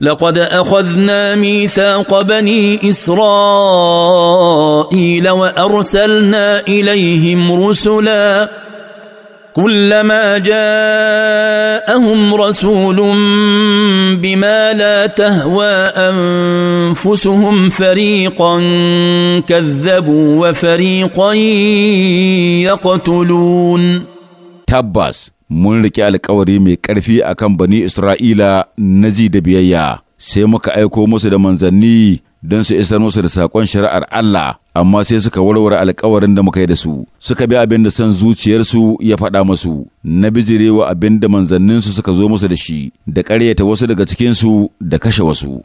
لقد اخذنا ميثاق بني اسرائيل وارسلنا اليهم رسلا كلما جاءهم رسول بما لا تهوى انفسهم فريقا كذبوا وفريقا يقتلون تبس mun riƙe alkawari mai ƙarfi a kan bani Isra'ila na ji da biyayya, sai muka aiko musu da manzanni don su isar musu da saƙon shari'ar Allah, amma sai suka warware alkawarin da muka yi da su, suka bi abin da son zuciyarsu ya faɗa musu, na bijirewa abin da manzanninsu suka zo musu da shi, da ƙaryata wasu daga cikinsu da kashe wasu.